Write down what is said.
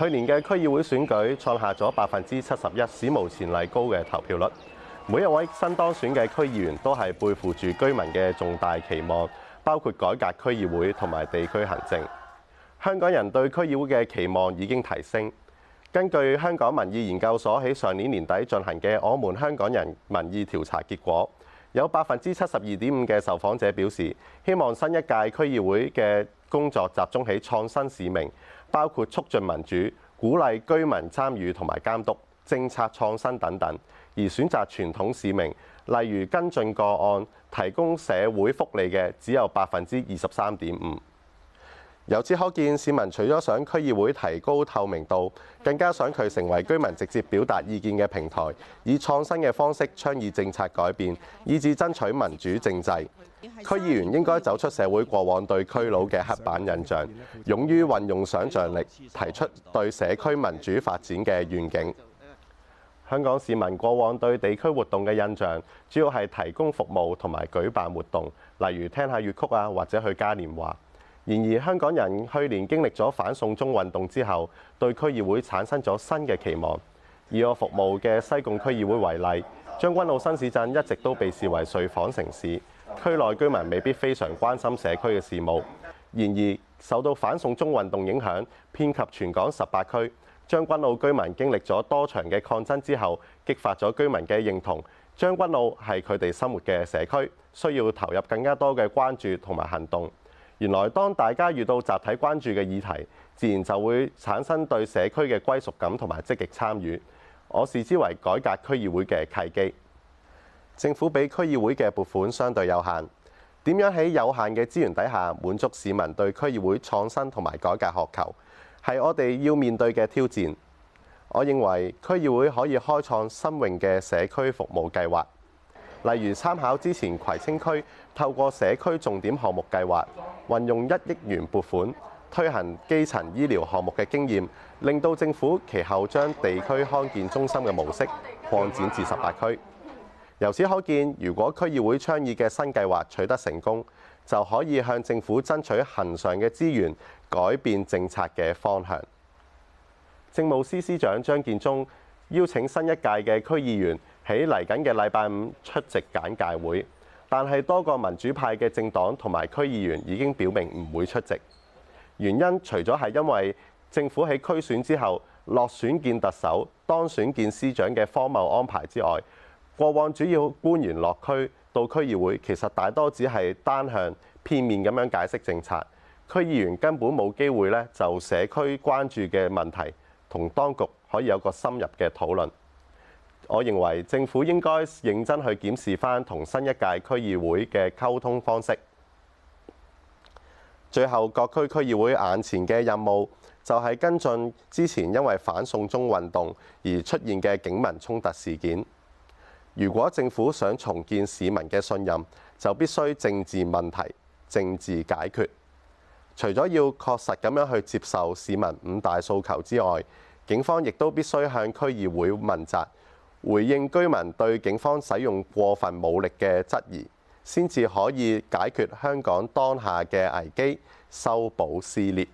去年嘅區議會選舉創下咗百分之七十一史無前例高嘅投票率，每一位新當選嘅區議員都係背負住居民嘅重大期望，包括改革區議會同埋地區行政。香港人對區議會嘅期望已經提升。根據香港民意研究所喺上年年底進行嘅《我們香港人》民意調查結果，有百分之七十二點五嘅受訪者表示，希望新一屆區議會嘅工作集中喺創新使命，包括促進民主、鼓勵居民參與同埋監督、政策創新等等。而選擇傳統使命，例如跟進個案、提供社會福利嘅，只有百分之二十三點五。由此可見，市民除咗想區議會提高透明度，更加想佢成為居民直接表達意見嘅平台，以創新嘅方式倡議政策改變，以至爭取民主政制。區議員應該走出社會過往對區佬嘅刻板印象，勇於運用想像力，提出對社區民主發展嘅願景。香港市民過往對地區活動嘅印象，主要係提供服務同埋舉辦活動，例如聽下粵曲啊，或者去嘉年華。然而，香港人去年經歷咗反送中運動之後，對區議會產生咗新嘅期望。以我服務嘅西貢區議會為例，將軍澳新市鎮一直都被視為睡房城市，區內居民未必非常關心社區嘅事務。然而，受到反送中運動影響，遍及全港十八區，將軍澳居民經歷咗多場嘅抗爭之後，激發咗居民嘅認同。將軍澳係佢哋生活嘅社區，需要投入更加多嘅關注同埋行動。原來當大家遇到集體關注嘅議題，自然就會產生對社區嘅歸屬感同埋積極參與。我視之為改革區議會嘅契機。政府畀區議會嘅撥款相對有限，點樣喺有限嘅資源底下滿足市民對區議會創新同埋改革渴求，係我哋要面對嘅挑戰。我認為區議會可以開創新穎嘅社區服務計劃。例如參考之前葵青區透過社區重點項目計劃，運用一億元撥款推行基層醫療項目嘅經驗，令到政府其後將地區康健中心嘅模式擴展至十八區。由此可見，如果區議會倡議嘅新計劃取得成功，就可以向政府爭取恆常嘅資源，改變政策嘅方向。政務司司長張建忠邀請新一屆嘅區議員。喺嚟緊嘅禮拜五出席簡介會，但係多個民主派嘅政黨同埋區議員已經表明唔會出席。原因除咗係因為政府喺區選之後落選見特首，當選見司長嘅荒謬安排之外，過往主要官員落區到區議會，其實大多只係單向片面咁樣解釋政策，區議員根本冇機會咧就社區關注嘅問題同當局可以有個深入嘅討論。我認為政府應該認真去檢視返同新一屆區議會嘅溝通方式。最後，各區區議會眼前嘅任務就係跟進之前因為反送中運動而出現嘅警民衝突事件。如果政府想重建市民嘅信任，就必須政治問題、政治解決。除咗要確實咁樣去接受市民五大訴求之外，警方亦都必須向區議會問責。回應居民對警方使用過分武力嘅質疑，先至可以解決香港當下嘅危機，修補撕裂。